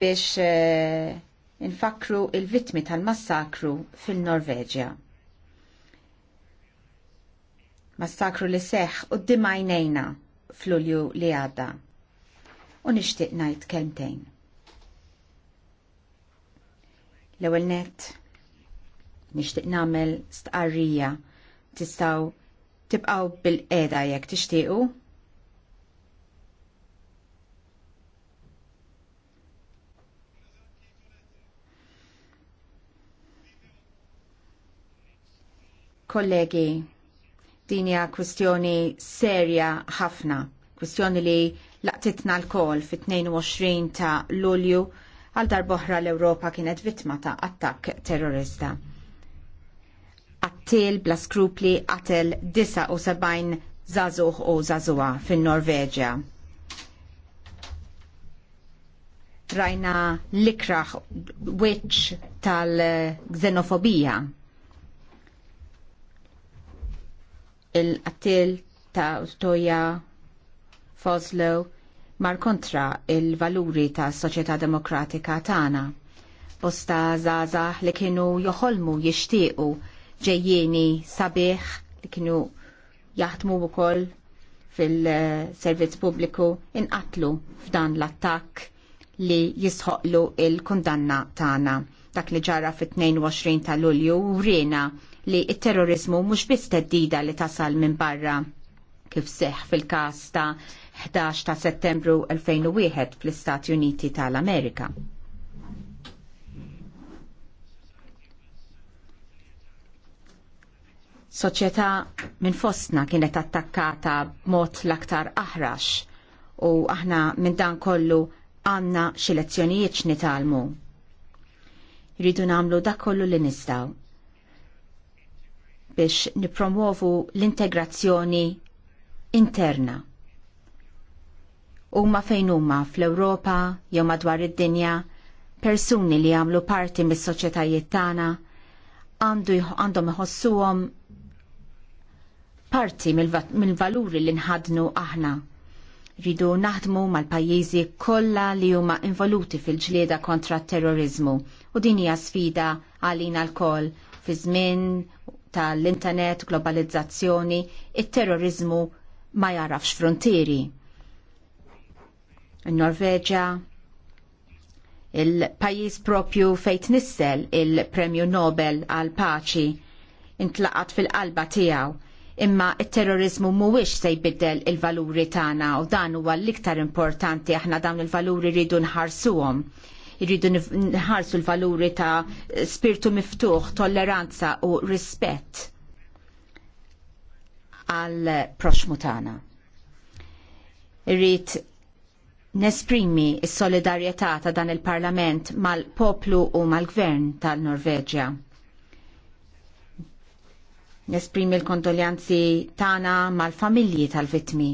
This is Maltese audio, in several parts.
biex eh, infakru il-vitmi tal-massakru fil-Norveġja. Massakru li seħ u d-dimajnejna fl-ulju li għadda. U nishtiq najt kelmtejn. L-ewel net, nishtiq namel stqarrija tistaw tibqaw bil-qeda jekk tixtiequ kollegi, dinja kwestjoni serja ħafna, kwestjoni li laqtitna l-kol fit-22 ta' Lulju għal darboħra l-Europa kienet vittma ta' attakk terrorista. Attil bla skrupli qatel 79 zazuħ u zazuħa fin-Norveġja. Rajna l-ikraħ witch tal-xenofobija il-qattil ta' Ustoja Foslow mar kontra il-valuri ta' soċjetà demokratika tagħna. Bosta żgħażagħ li kienu joħolmu jixtiequ ġejjieni sabiħ li kienu jaħdmu wkoll fil-servizz pubbliku inqatlu f'dan l-attakk li jisħoqlu il-kundanna tagħna. Dak li ġara fit-22 ta' Lulju u rina li il-terrorizmu mhux biss teddida li tasal minn barra kif seħ fil-kas ta' 11 ta' settembru 2001 fl-Istati Uniti tal-Amerika. Soċjetà minn fostna kienet attakkata b'mod l-aktar aħrax u aħna minn dan kollu għanna xi lezzjonijiet nitalmu. Rridu namlu dak kollu li nistgħu biex nipromovu l-integrazzjoni interna. Huma fejn huma fl-Ewropa jew madwar id-dinja persuni li għamlu parti mis-soċjetajiet tagħna għandhom iħossuhom parti mill-valuri li nħadnu aħna. Ridu naħdmu mal-pajjiżi kollha li huma involuti fil-ġlieda kontra t terrorizmu u din hija sfida għalina l-koll fi żmien tal-internet, globalizzazzjoni, il-terrorizmu ma jarafx frontieri. Il-Norveġa, il-pajis propju fejt nissel il-premju Nobel għal paċi intlaqat fil-qalba tijaw imma il-terrorizmu mhuwiex se jbiddel il-valuri tagħna u dan huwa l-iktar importanti aħna dawn il-valuri rridu nħarsuhom. Irridu nħarsu l-valuri ta' spirtu miftuħ, tolleranza u rispett għal proxmu tagħna. Irrid nesprimi s-solidarjetà ta' dan il-Parlament mal-poplu u mal-gvern tal-Norveġja. Nesprimi l-kondoljanzi tagħna mal-familji tal-vittmi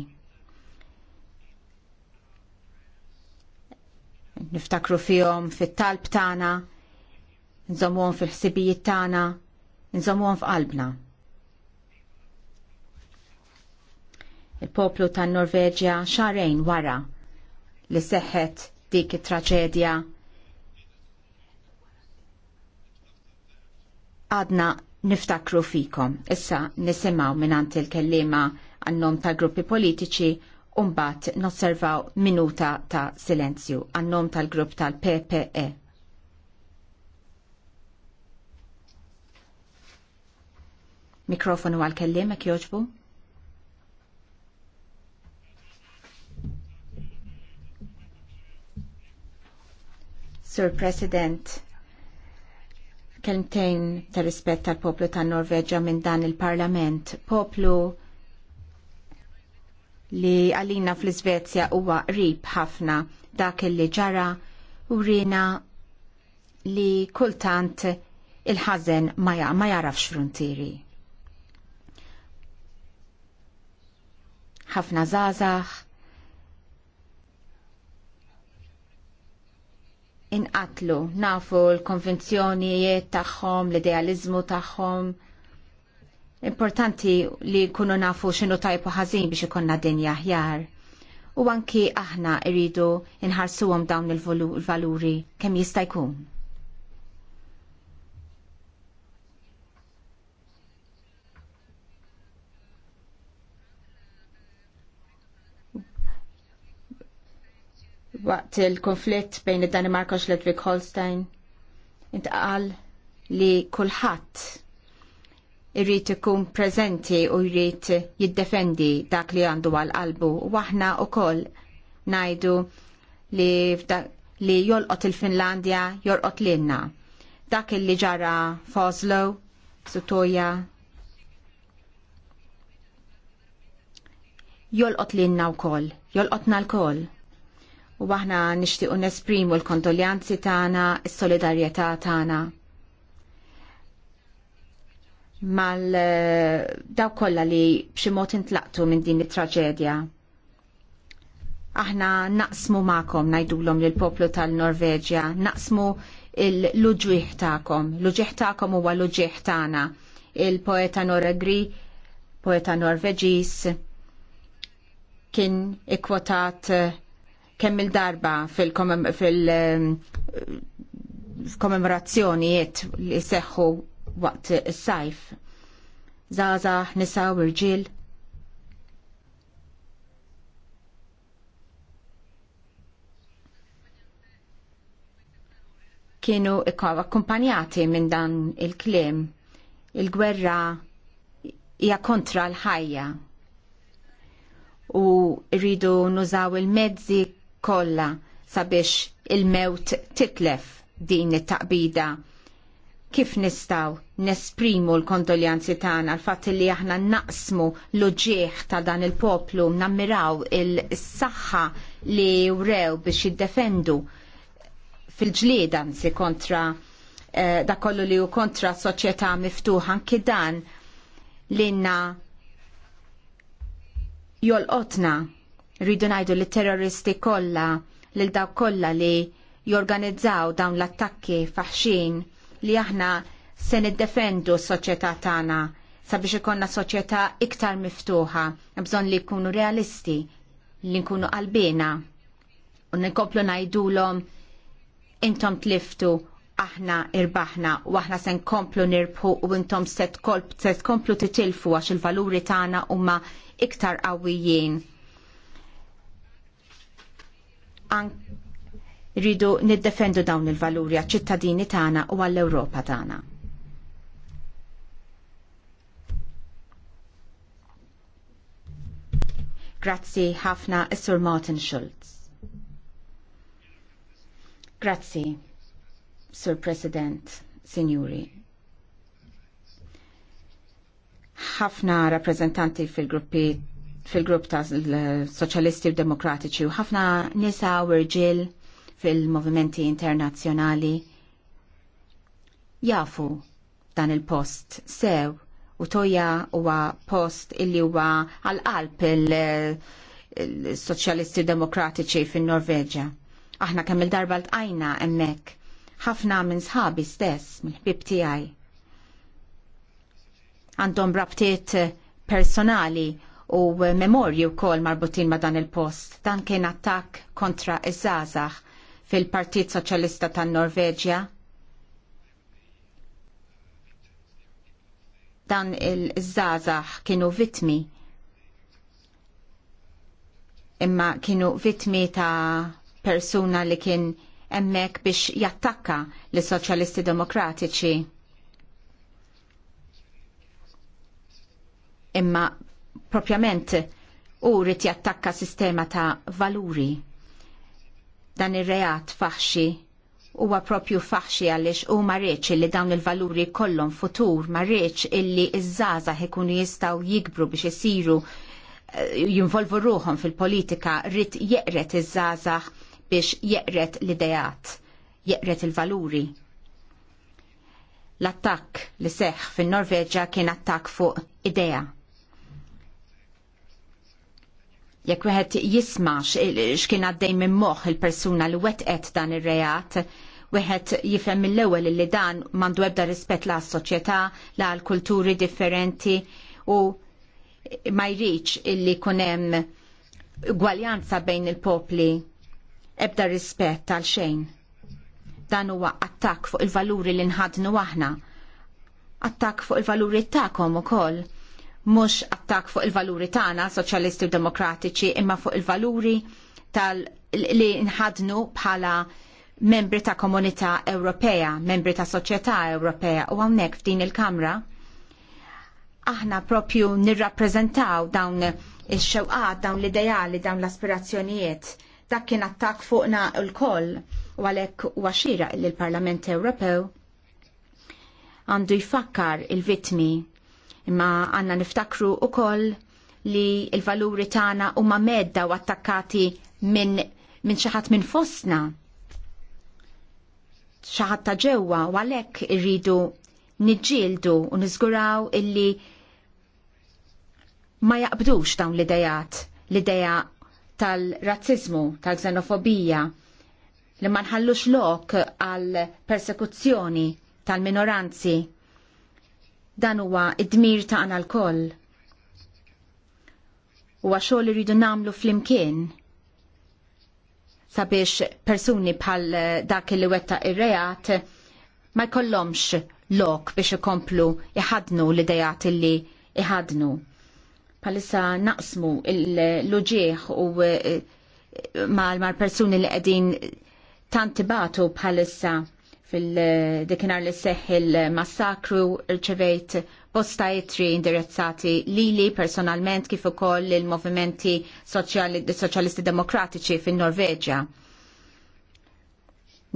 niftakru fihom fit-talb tagħna, nżommuhom fil-ħsibijiet tagħna, nżommuhom f'qalbna. Il-poplu tan-Norveġja xarejn wara li seħħet dik it traġedja għadna niftakru fikom. Issa nisimaw minant il-kellima għannom tal gruppi politiċi Umbat nosservaw minuta ta' silenzju għannom tal-grupp tal-PPE. Mikrofonu għal-kellim, ek joġbu? Sir President, kelmtejn ta' rispett tal-poplu ta' Norveġa minn dan il-Parlament, poplu li għalina fl-Svezja huwa rib ħafna dak li ġara u rina li kultant il-ħazen ma jarafx frontieri. ħafna zazax, inqatlu nafu l-konvenzjonijiet tagħhom, l-idealizmu tagħhom, Importanti li kunu nafu xinu tajpu ħażin biex ikonna dinja ħjar. U anki aħna irridu għom dawn il-valuri kemm jista' jkun. waqt il-konflitt bejn id-Danimarka u Schleswig-Holstein intqal li kulħadd irrit ikun prezenti u jrid jiddefendi dak li għandu għal-qalbu. Waħna u koll najdu li, li jolqot il-Finlandja jolqot l-inna. Dak li ġara Foslo, Sutoja, jolqot l-inna u koll, jolqotna l-koll. U waħna nixtiequ nesprimu l-kondoljanzi tagħna, is-solidarjetà tagħna mal eh, daw kollha li b'xi mod intlaqtu minn din it-traġedja. Aħna naqsmu ma'kom ngħidulhom lill poplu tal-Norveġja, naqsmu l-uġwieħ ta'kom, L-uġwieħ tagħkom huwa l-uġwieħ tagħna. Il-poeta Noregri, poeta Norveġis, kien ikkwotat eh, kemm il-darba fil-kommemorazzjonijiet eh, li seħħu waqt is-sajf. Zaza, nisa u Kienu Kienu akkumpanjati minn dan il-klim. Il-gwerra hija kontra l-ħajja. U rridu nużaw il-mezzi kollha sabiex il-mewt titlef din it-taqbida kif nistaw nesprimu l-kondoljanzi tagħna l-fatt li aħna naqsmu l uġieħ ta' dan il-poplu nammiraw il-saħħa li wrew biex jiddefendu fil-ġlieda anzi kontra eh, da kollu li hu kontra soċjetà miftuħa anki dan l-inna jolqotna rridu ngħidu li terroristi kollha lil dawk kollha li jorganizzaw dawn l-attakki faħxin li aħna se niddefendu s-soċjetà tagħna sabiex ikonna soċjetà iktar miftuħa, bżonn li jkunu realisti, li nkunu qalbina. U nkomplu ngħidulhom intom tliftu aħna irbaħna u aħna se nkomplu nirbħu u intom se tkomplu titilfu għax il-valuri tagħna huma iktar qawwijin. Rridu niddefendu dawn il-valuri għal-ċittadini tagħna u għall-Ewropa tagħna. Grazzi ħafna Sir Martin Schulz. Grazzi, Sir President, Signori. Ħafna rappresentanti fil-gruppi fil-grupp ta' soċjalisti u demokratiċi u ħafna nisa u rġil fil-movimenti internazzjonali jafu dan il-post sew u toja huwa post illi huwa għal-qalb il-soċjalisti demokratiċi fin norveġja Aħna kemm il-darba l-tqajna hemmhekk ħafna minn sħabi stess, minn ħbib tiegħi. Għandhom rabtiet personali u memorju wkoll marbutin ma' dan il-post. Dan kien attakk kontra iż-żazax fil-Partit Soċjalista tan-Norveġja. Dan il-żazax kienu vitmi imma kienu vitmi ta' persuna li kien emmek biex jattakka l soċjalisti demokratiċi. Imma propjament u rrit jattakka sistema ta' valuri dan ir-reat faħxi huwa propju faħxi għaliex u marriċ illi dawn il-valuri kollon futur, marriċ illi iż-żgħażagħ ikunu jistgħu jikbru biex isiru eh, jinvolvu ruħom fil-politika rrit jeqret iż-żgħażagħ biex jeqret l-idejat, jeqret il-valuri. L-attakk li seħħ fin-Norveġġa kien attakk fuq idea jekk wieħed jisma' x'kien għaddej minn moħħ il-persuna li wetqet dan ir-reat, wieħed jifhem mill-ewwel li dan m'għandu ebda rispett la soċjetà la kulturi differenti u ma jridx illi jkun hemm gwaljanza bejn il-popli ebda rispett għal xejn. Dan huwa attakk fuq il-valuri li nħadnu aħna. Attakk fuq il-valuri tagħkom ukoll mhux attak fuq il-valuri tagħna soċjalisti u demokratiċi imma fuq il-valuri tal li nħadnu bħala membri ta' komunità Ewropea, membri ta' soċjetà Ewropea u hawnhekk f'din il-Kamra aħna propju nirrappreżentaw dawn ix-xewqat, dawn l-ideali, dawn l-aspirazzjonijiet. Dak kien attak fuqna l-koll u għalhekk waxira l-Parlament Ewropew għandu jfakkar il-vitmi imma għanna niftakru u koll li il-valuri tana u ma medda u attakkati minn min xaħat minn fosna. Xaħat ta' ġewa u għalek irridu nġildu u nizguraw illi ma jaqbdux dawn l-idejat, l-ideja tal-razzizmu, tal-xenofobija, li ma nħallux lok għal persekuzzjoni tal-minoranzi Dan huwa id-dmir tagħna l-koll. Huwa xogħol li rridu nagħmlu flimkien sabiex persuni bħal dak li wetta ir-reat ma jkollhomx lok biex ikomplu iħadnu l-idejat li iħadnu. Palissa naqsmu l-loġieħ u eh, mal-persuni li qegħdin batu bħalissa fil-dekinar li seħħ il-massakru rċevejt bosta itri indirezzati lili personalment kif ukoll il-movimenti soċjalisti demokratiċi fin-Norveġja.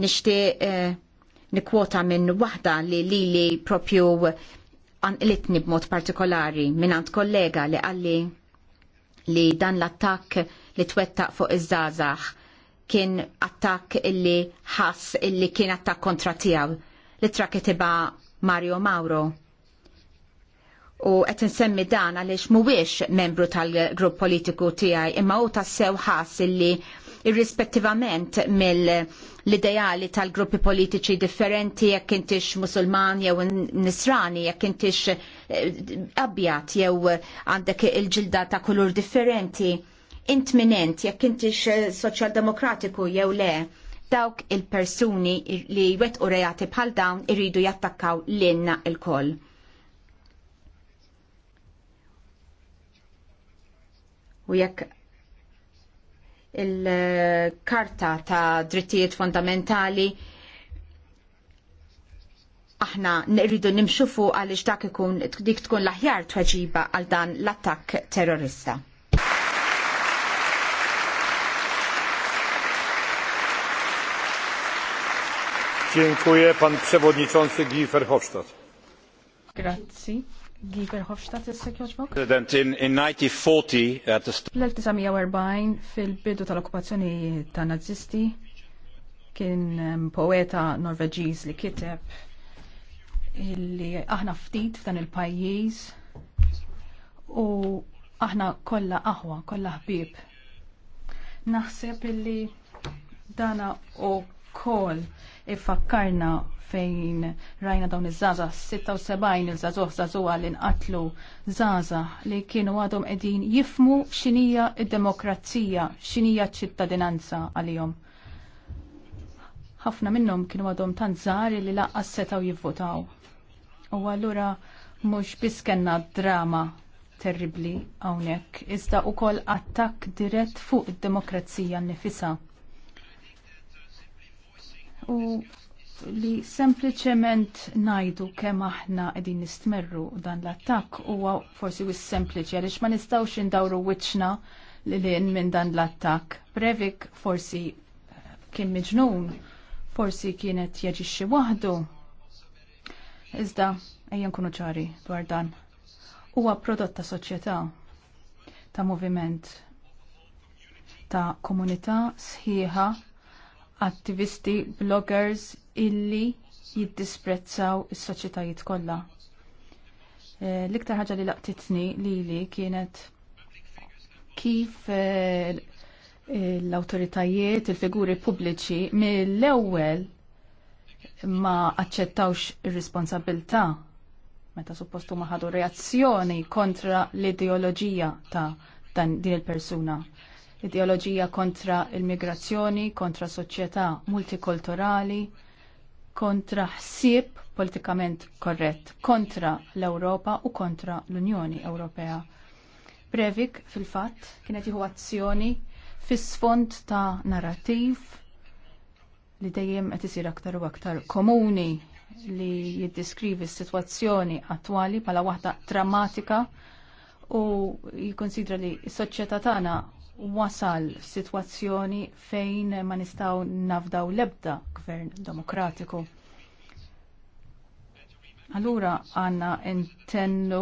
Nixtieq eh, nikwota minn waħda li lili propju anqlitni b'mod partikolari minn kollega li għalli li dan l-attakk li twettaq fuq iż-żazax kien attak illi ħass illi kien attak kontra tiegħu. li kitiba Mario Mauro. U qed insemmi dan għaliex mhuwiex membru tal-grupp politiku tiegħi imma u tassew ħass illi irrispettivament mill-ideali tal-gruppi politiċi differenti, jekk intix musulman jew nisrani, jekk intix eh, abjat jew għandek il-ġilda ta' kulur differenti intminent jekk intix eh, soċjaldemokratiku jew le dawk il-persuni li u rejati bħal dawn irridu jattakkaw l-inna il-koll. U jekk il-karta ta' drittijiet fondamentali aħna nirridu nimxu fuq għaliex dak ikun dik tkun l-aħjar tweġiba għal dan l-attakk terrorista. Dziękuję pan przewodniczący Guy Verhofstadt. Grazzi. Guy Verhofstadt issek joġbok. President in, in 1940 at L-1940 fil-bidu tal-okkupazzjoni ta' nazisti kien poeta Norveġiż li kiteb illi aħna ftit f'dan il-pajjiż u aħna kollha aħwa, kollha ħbieb. Naħseb illi dana u koll ifakkarna fejn rajna dawn iż-żaza 76 il-żazuħ żazuha li nqatlu żaza li kienu għadhom qegħdin jifmu x'inija d-demokrazija, x'inija ċ-ċittadinanza għalihom. Ħafna minnhom kienu għadhom tant żgħar li laqqas setgħu jivvotaw. U allura mhux biss kellna drama terribli hawnhekk, iżda wkoll attakk dirett fuq id-demokrazija nnifisha u li sempliċement najdu kemm aħna qegħdin nistmerru dan l-attakk huwa forsi wis sempliċi għaliex ma nistgħux indawru wiċċna lil minn dan l-attakk. Brevik forsi eh, kien miġnun, forsi kienet jaġixxi waħdu. Iżda ejjen kunu ċari dwar dan. Huwa prodott ta' soċjetà ta' moviment ta' komunità sħiħa attivisti, bloggers illi jiddisprezzaw is-soċjetajiet kollha. Eh, l-iktar ħaġa li laqtitni lili kienet kif eh, l-autoritajiet, il-figuri pubbliċi mill-ewwel ma aċċettawx ir-responsabilità meta suppostu ma ħadu reazzjoni kontra l-ideoloġija ta' dan din il-persuna ideoloġija kontra il-migrazzjoni, kontra soċjetà multikulturali, kontra ħsieb politikament korrett, kontra l-Ewropa u kontra l-Unjoni Ewropea. Brevik fil-fatt kienet jieħu azzjoni fis-sfond ta' narrativ li dejjem qed isir aktar u aktar komuni li jiddiskrivi s-sitwazzjoni attwali bħala waħda drammatika u jikonsidra li s-soċjetà tagħna wasal f'sitwazzjoni fejn ma nistgħu nafdaw l-ebda gvern demokratiku. Allura għandna intennu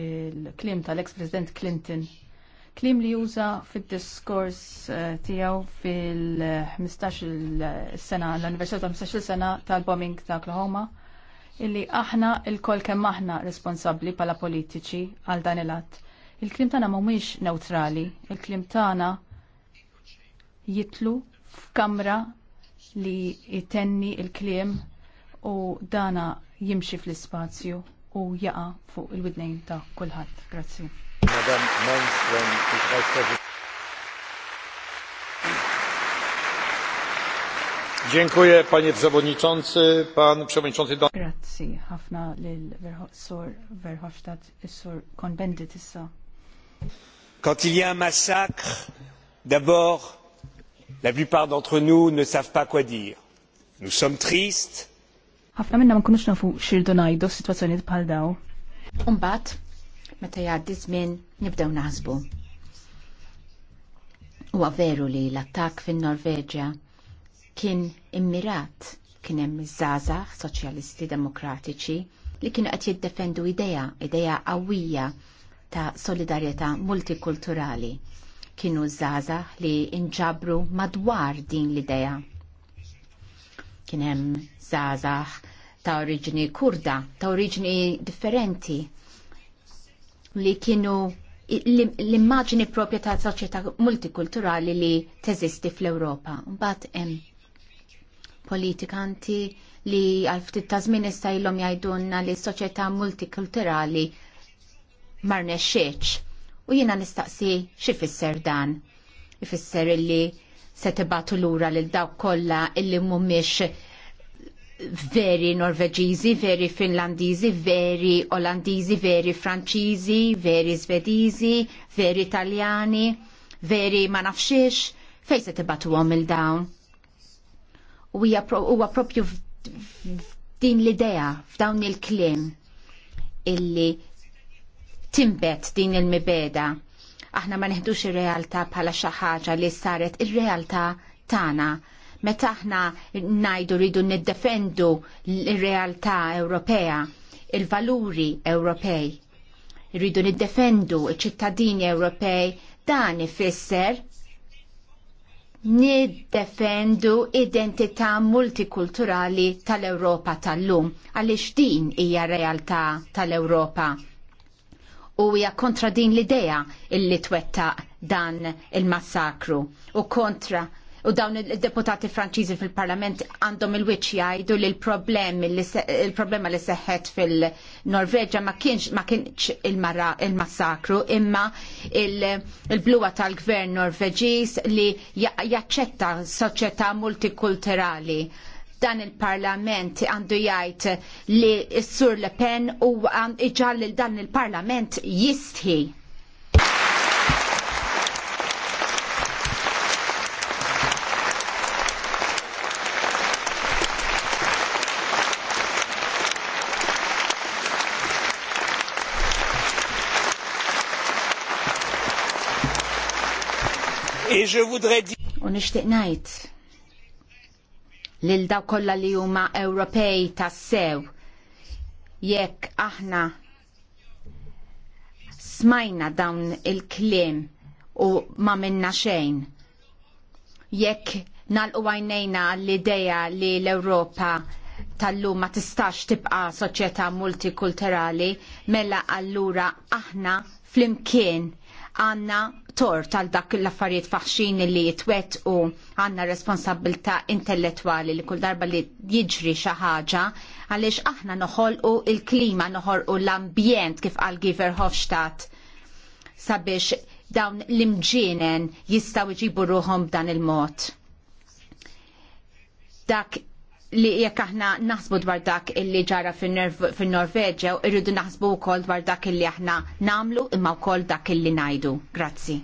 il-klim tal-ex-President Clinton. Klim li juża fid-diskors eh, tiegħu fil-15 sena l anniversario tal-15 sena tal-bombing ta' Oklahoma illi aħna il-kol kemm aħna responsabbli pala politiċi għal dan il-att Il-klim tagħna mhumiex neutrali, il-klim tagħna jitlu f'kamra li jitenni il-kliem u dana jimxi fl-ispazju u jaqa fuq il-widnejn ta' kulħadd. Grazzi. Dziękuję panie przewodniczący, pan przewodniczący Don. Grazie, ħafna lil Verhofstadt, is-sur Konbendit issa. Quand il y a un massacre, d'abord, la plupart d'entre nous ne savent pas quoi dire. Nous sommes tristes. Ħafna minna ma nkunux nafu xirdu najdu situazzjonijiet bħal daw. Umbat, meta jgħaddi żmien nibdew nasbu. U veru li l attak fin-Norveġja kien immirat kien hemm iż-żgħażagħ soċjalisti demokratiċi li kienu qed jiddefendu idea, idea qawwija ta' solidarjetà multikulturali. Kienu zaza li inġabru madwar din l-idea. Kien hemm zazax ta' oriġini kurda, ta' oriġini differenti li kienu l immagini propja ta' soċjetà multikulturali li teżisti fl-Ewropa. Mbagħad hemm politikanti li għal ftit ta' żmien issa ilhom jgħidulna li soċjetà multikulturali marnexxiex. U jiena nistaqsi xifisser dan. Ifisser illi se tibatu lura lil dawk kollha illi mhumiex veri Norveġiżi, veri Finlandiżi, veri Olandiżi, veri Franċiżi, veri Svediżi, veri Italjani, veri ma nafxiex, fejn se tibatu għom il-dawn. U huwa propju din l-idea f'dawn il-klim illi timbet din il-mibeda. Aħna ma neħdux ir-realtà bħala xi ħaġa li saret ir-realtà tagħna. Meta aħna ngħidu rridu niddefendu l-realtà Ewropea, il-valuri Ewropej. Rridu niddefendu ċ-ċittadini Ewropej dan ifisser niddefendu identità multikulturali tal ewropa tal-lum, għaliex din hija realtà tal ewropa u hija kontra din l-idea illi twetta' dan il-massakru u kontra u dawn il-deputati franċiżi fil-parlament għandhom il-wiċċ jgħidu li l-problema li seħħet fil-Norveġa ma kienx ma kienx il-massakru imma il-bluwa tal-gvern Norveġiż li jaċċetta soċjetà multikulturali dan il-parlament għandu jgħid li s-sur Le Pen u iġall dan il-parlament jistħi. Et je voudrais dire... On est lil daw kollha li huma Ewropej tassew, Jekk aħna smajna dawn il-kliem u ma minna xejn. Jekk nalqu għajnejna l-ideja li l-Ewropa tal-lum ma tistax tibqa' soċjetà multikulturali, mela allura aħna flimkien għandna tor tal dak l-affarijiet faħxin li jitwet u għanna responsabilta intellettuali li kull darba li jiġri xi ħaġa għaliex aħna noħolqu il-klima noħolqu l-ambjent kif għal Giver Hofstadt sabiex dawn l-imġienen jistaw iġibu ruħom b'dan il-mod. Dak li jekk aħna naħsbu dwar dak illi ġara fin-Norveġġja irridu naħsbu wkoll dwar dak illi aħna nagħmlu imma wkoll dak illi ngħidu. Grazzi.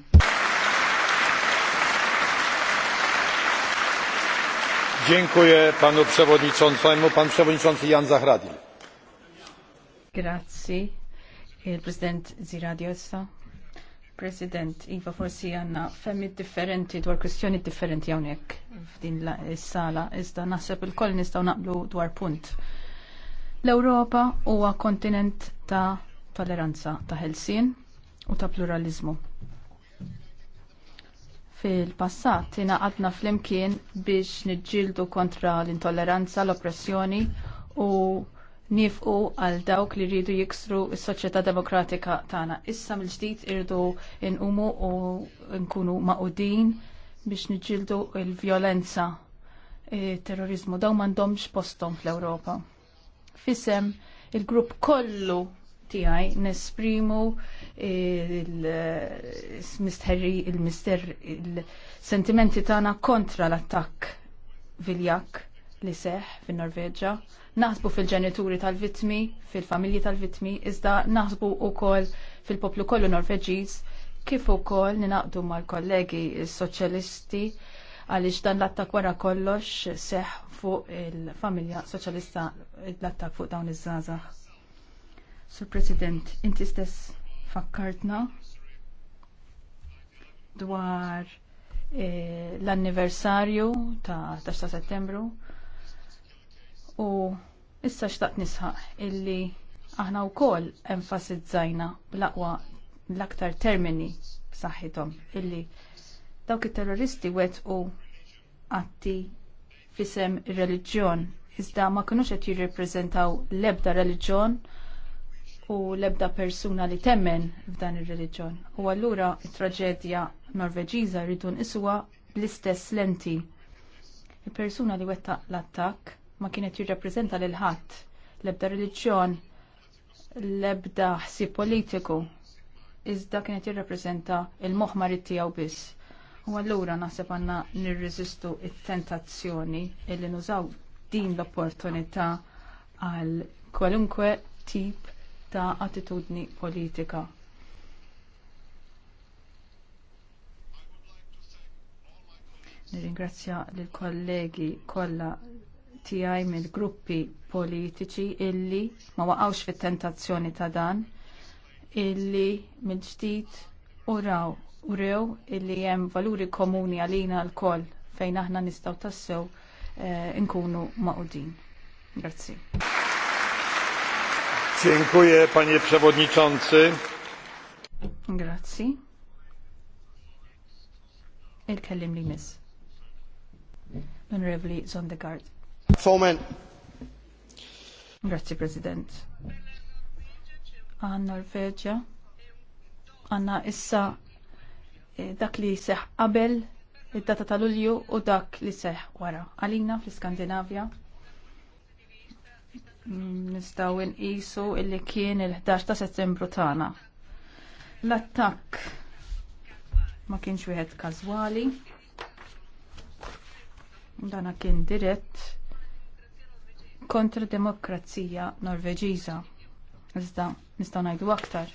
Dziękuję panu przewodniczącemu. Pan przewodniczący Jan Zahradil. Grazie. Il prezydent Ziradio President, Iva, forsi għanna femmi differenti dwar kwestjoni differenti għonek f'din s-sala, iżda naħseb il-koll nistaw naqblu dwar punt. L-Europa huwa kontinent ta' toleranza, ta' ħelsien u ta' pluralizmu. Fil-passat għadna fl-imkien biex nġildu kontra l-intolleranza, l-oppressjoni u nifqu għal dawk li rridu jiksru s-soċjetà demokratika tagħna. Issa mill-ġdid irdu nqumu u nkunu maqudin biex niġġieldu l-vjolenza e, terrorizmu daw m'għandhomx posthom fl-Ewropa. Fisem il-grupp kollu tiegħi nesprimu il-mister il-sentimenti tagħna kontra l-attakk viljak li seħ fin norveġġa naħsbu fil-ġenituri tal-vitmi, fil-familji tal-vitmi, iżda naħsbu u kol fil-poplu kollu norveġiż, kif u kol ninaqdu mal-kollegi soċjalisti għalix dan l-attak wara kollox seħ fuq il-familja soċjalista l-attak fuq dawn iż-żazax. Sur President, inti stess fakkartna dwar eh, l-anniversarju ta' 10 settembru U issa xtaqt nisħaq illi aħna wkoll enfasizzajna bl-aqwa l-aktar termini b'saħħithom illi dawk it-terroristi wettqu atti fisem ir-reliġjon iżda ma kinux qed jirrappreżentaw l-ebda reliġjon u l-ebda persuna li temmen f'dan ir-reliġjon. U allura t traġedja Norveġiża rridu nqisuha bl-istess lenti. Il-persuna li wettaq l-attakk ma kienet jirrappreżenta lil ħadd l-ebda reliġjon, l-ebda ħsib politiku. Iżda kienet jirrappreżenta il marit tiegħu biss. U allura naħseb għandna nirreżistu it-tentazzjoni illi nużaw din l-opportunità għal kwalunkwe tip ta' attitudni politika. Nirringrazzja lill kollegi kollha tiegħi mill-gruppi politiċi illi ma waqgħux fit-tentazzjoni ta' dan illi mill-ġdid uraw urew illi hemm valuri komuni għalina l-koll fejn aħna nistgħu tassew eh, nkunu maqudin. Grazzi. Dziękuję panie przewodniczący. Grazzi. Il-kellim li miss. Onorevoli Zondegard. Fomen. Grazie, President. Għan Norveġa. Għanna issa eh, dak li seħ qabel id-data tal-Ulju u dak li seħ wara. Għalina fl-Skandinavja. Nistaw nqisu illi kien il-11 ta' settembru tagħna. L-attakk ma kienx wieħed każwali. Dana kien dirett kontra demokrazija norveġiża. Iżda nistgħu ngħidu aktar.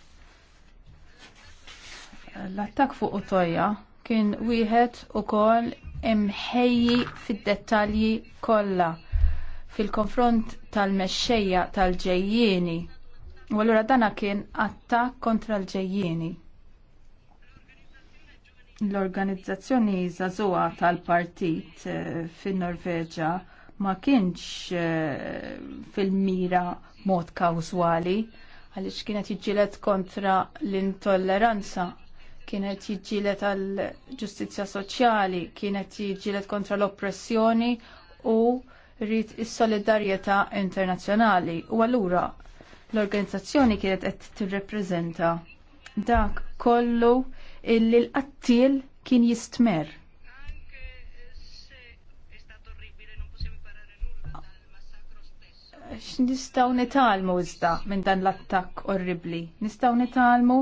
L-attak fuq Utoja kien wieħed ukoll imħejji fid-dettalji kollha fil-konfront tal-mexxejja tal-ġejjieni. U allura dana kien attakk kontra l-ġejjieni. L-organizzazzjoni żagħżugħa tal-partit eh, fin-Norveġa ma kienx eh, fil-mira mod kawzwali għaliex kienet jiġġieled kontra l-intolleranza kienet jiġġielet għal ġustizzja soċjali, kienet jiġġielet kontra l-oppressjoni u rrit is-solidarjetà internazzjonali. U allura l-organizzazzjoni kienet qed reprezenta dak kollu illi l-qattil kien jistmer. x'nistgħu nitalmu iżda minn dan l-attakk orribli. Nistgħu nitalmu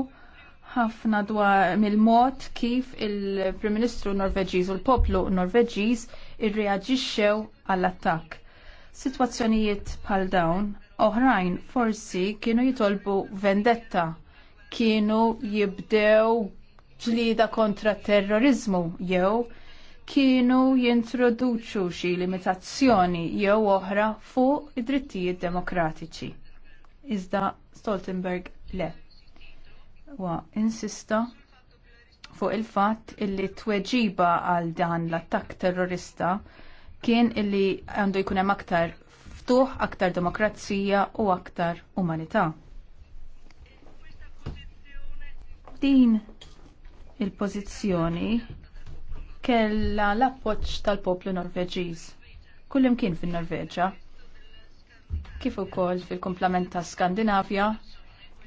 ħafna dwar mill-mod kif il-Prim Ministru Norveġiż u l-poplu Norveġiż irreaġixxew għall-attakk. Sitwazzjonijiet bħal dawn oħrajn forsi kienu jitolbu vendetta, kienu jibdew ġlida kontra terrorizmu jew kienu jintroduċu xi limitazzjoni jew oħra fuq id-drittijiet demokratiċi. Iżda Stoltenberg le. Wa insista fuq il-fatt illi tweġiba għal dan l-attakk terrorista kien illi għandu jkun hemm aktar ftuħ, aktar demokrazija u aktar umanità. Din il-pożizzjoni kella l-appoġġ tal-poplu Norveġiż. Kullimkien fin-Norveġa. Kif ukoll fil-kumplament ta' Skandinavja,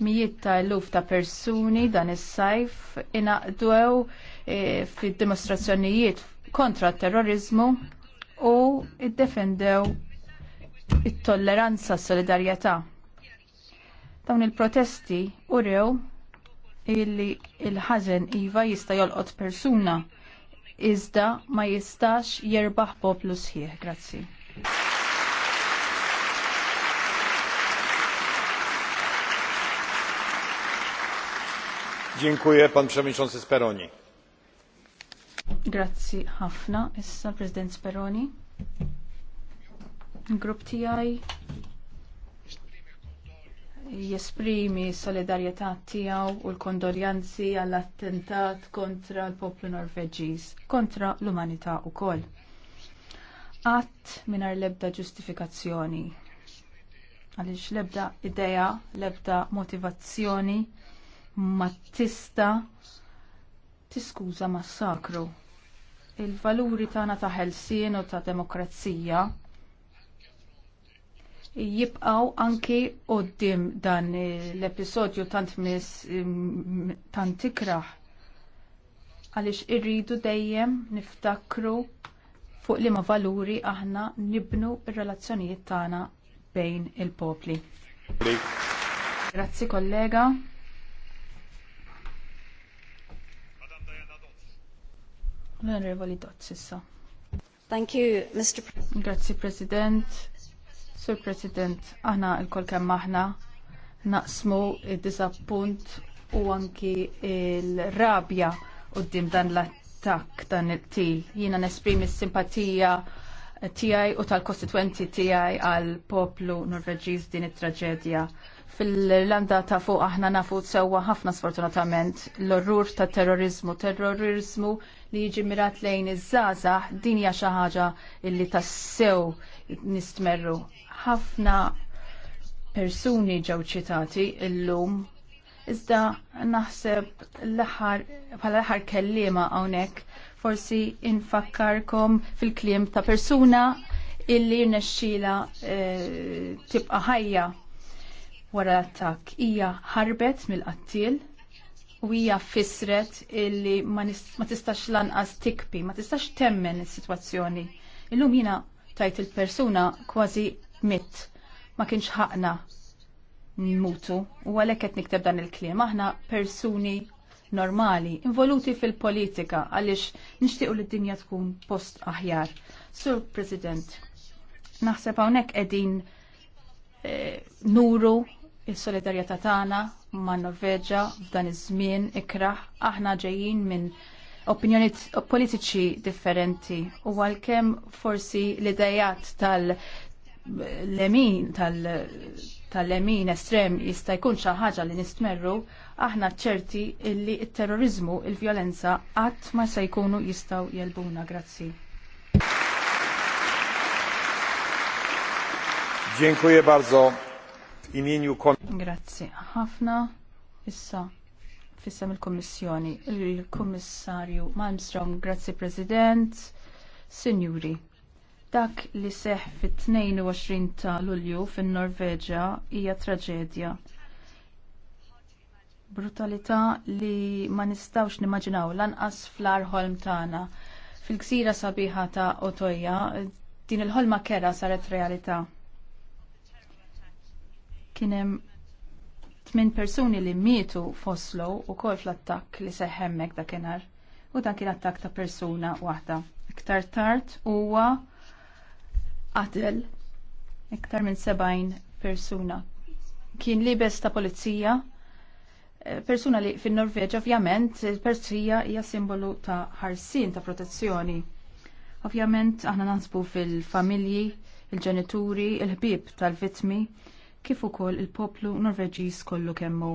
mijiet ta' luf ta' persuni dan is-sajf inaqdwew e, fid-dimostrazzjonijiet kontra t terrorizmu u iddefendew it-tolleranza solidarjetà. Dawn il-protesti urew illi il-ħażen iva jista' jolqot persuna iżda ma jistax jirbaħ poplu sħiħ. Grazzi. Dziękuję pan przewodniczący Speroni. Grazzi ħafna, issa President Speroni. Grupp TI jesprimi solidarjetà tiegħu u l-kondoljanzi għall-attentat kontra l-poplu Norveġiż, kontra l-umanità wkoll. Att mingħajr l-ebda ġustifikazzjoni. Għaliex l-ebda idea, l-ebda motivazzjoni ma tista tiskuża massakru. Il-valuri tagħna ta' ħelsien u ta' demokrazija jibqaw anki qoddim dan l-episodju tant mis tant tikraħ għaliex irridu dejjem niftakru fuq li ma valuri aħna nibnu r relazzjonijiet tagħna bejn il-popli. Grazzi kollega. L-Onorevoli Thank you, Mr. President. Grazzi President. Sur President, aħna il-kol kemm aħna naqsmu id-disappunt u anki il-rabja d-dim dan l-attakk dan il-til. Jiena nesprimi s-simpatija tiegħi u tal-kostituenti tiegħi għal poplu Norveġiż din it-traġedja fil-Irlanda ta' fuq aħna nafu sewwa ħafna sfortunatament l-orrur ta' terrorizmu, terrorizmu li jiġi mirat lejn iż żazax din hija xi ħaġa li tassew nistmerru ħafna persuni ġew ċitati illum iżda naħseb l-aħħar bħala l-aħħar kelliema hawnhekk forsi infakkarkom fil-kliem ta' persuna illi rnexxila eh, tibqa' ħajja wara l-attakk hija ħarbet mill-qattil u hija fisret illi ma tistax lanqas tikpi, ma tistax temmen is-sitwazzjoni. Illum jiena tajt il-persuna kważi mit ma kienx ħaqna mutu u għalhekk qed nikteb dan il-kliem aħna persuni normali involuti fil-politika għaliex nixtiequ li d-dinja tkun post aħjar. Sur President, naħseb hawnhekk qegħdin eh, nuru il-solidarjetà tagħna ma' Norveġa f'dan iż-żmien ikraħ aħna ġejjin minn opinjoni politiċi differenti u għalkemm forsi l-idejat tal l-emin tal-emin estrem jista' jkun xi ħaġa li nistmerru, aħna ċerti illi t-terrorizmu, il-vjolenza qatt ma se jkunu jistgħu jelbuna. Grazzi. Dziękuję bardzo w imieniu Grazzi. Ħafna issa fissem il kummissjoni il kummissarju Malmstrom, grazzi President, Signuri. Dak li seħ fit-22 ta' Lulju fin-Norveġa hija traġedja. Brutalità li ma nistawx nimmaġinaw lanqas fl-arħolm tagħna. Fil-gżira sabiħa ta' Otoja, din il-ħolma kera saret realità. Kien hemm tmien persuni li mietu foslo wkoll fl-attakk li seħħemmek dakinhar u dan kien attakk ta' persuna waħda. Iktar tard huwa qatel iktar minn 70 persuna. Kien libes ta' polizija, eh, persuna li fin norveġa ovvjament il-persija hija simbolu ta' ħarsin ta' protezzjoni. Ovvjament aħna nansbu fil-familji, il-ġenituri, il-ħbib tal-vitmi, kif ukoll il-poplu Norveġiż kollu kemmu.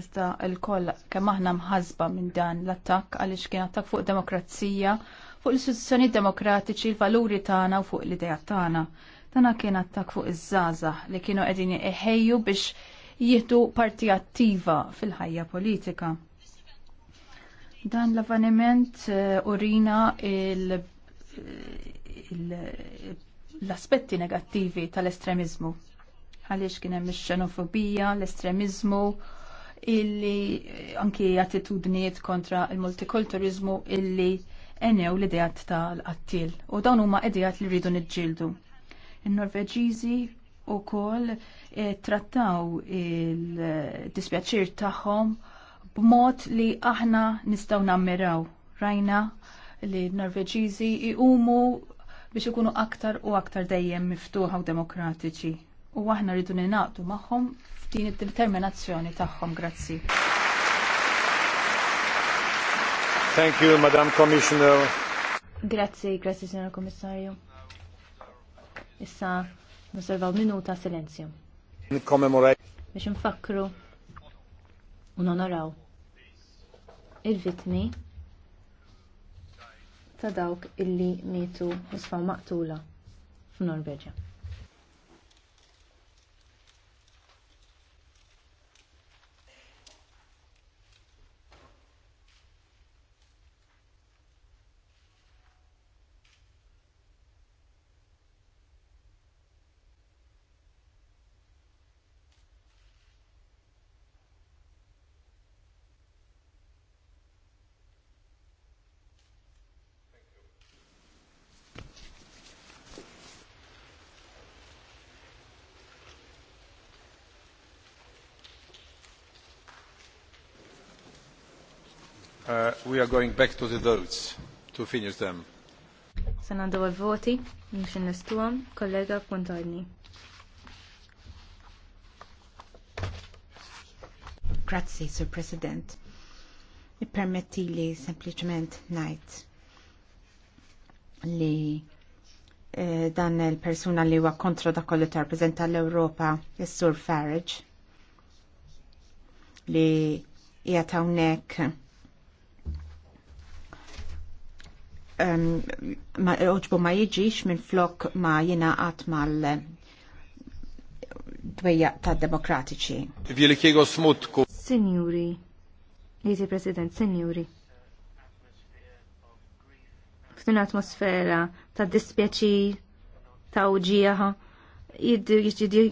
Iżda l-koll kemm aħna mħasba minn dan l-attakk għaliex kien attakk fuq demokrazija fuq l-istituzzjoni demokratiċi, l-valuri tagħna u fuq l-idea tagħna. Tana kien attak fuq iż-żaża li kienu qegħdin iħejju biex jieħdu parti attiva fil-ħajja politika. Dan l-avveniment eh, urina l-aspetti negattivi tal-estremizmu għaliex kien hemm ix-xenofobija, l-estremizmu, illi eh, anki attitudniet kontra il-multikulturizmu illi enew l-idejat tal-qattil u dawn huma idejat li rridu niġġieldu. In-Norveġiżi u kol eh, trattaw il-dispjaċir tagħhom b'mod li aħna nistgħu nammiraw. Rajna li n-Norveġiżi iqumu biex ikunu aktar u aktar dejjem miftuħa u demokratiċi. U aħna rridu ninaqdu magħhom f'din id-determinazzjoni tagħhom. Grazzi. Thank you, Madam Commissioner. Grazie, grazie, signor Commissario. Issa, naservaw minuta silenzju. Commemorate. Biex nfakru unonoraw il-vitmi ta' dawk illi mietu isfaw maqtula f'Norveġa. Uh, we are going back to the votes to finish them. Sanandu għal-voti, mxin nistuħam, kollega puntajni. Grazzi, Sir President. Mi Permetti li sempliciment najt li eh, dan il-persuna li huwa kontra da kollu ta' rappresenta l europa is-Sur Farage, li hija hawnhekk Um, ma oġbu ma jiġix minn flok ma jinaqat mal eh, dweja ta' demokratiċi. Vjeli kiego smutku. Signori, jizi president, signori. F'din atmosfera ta' dispjaċi ta' uġieħa, jiddi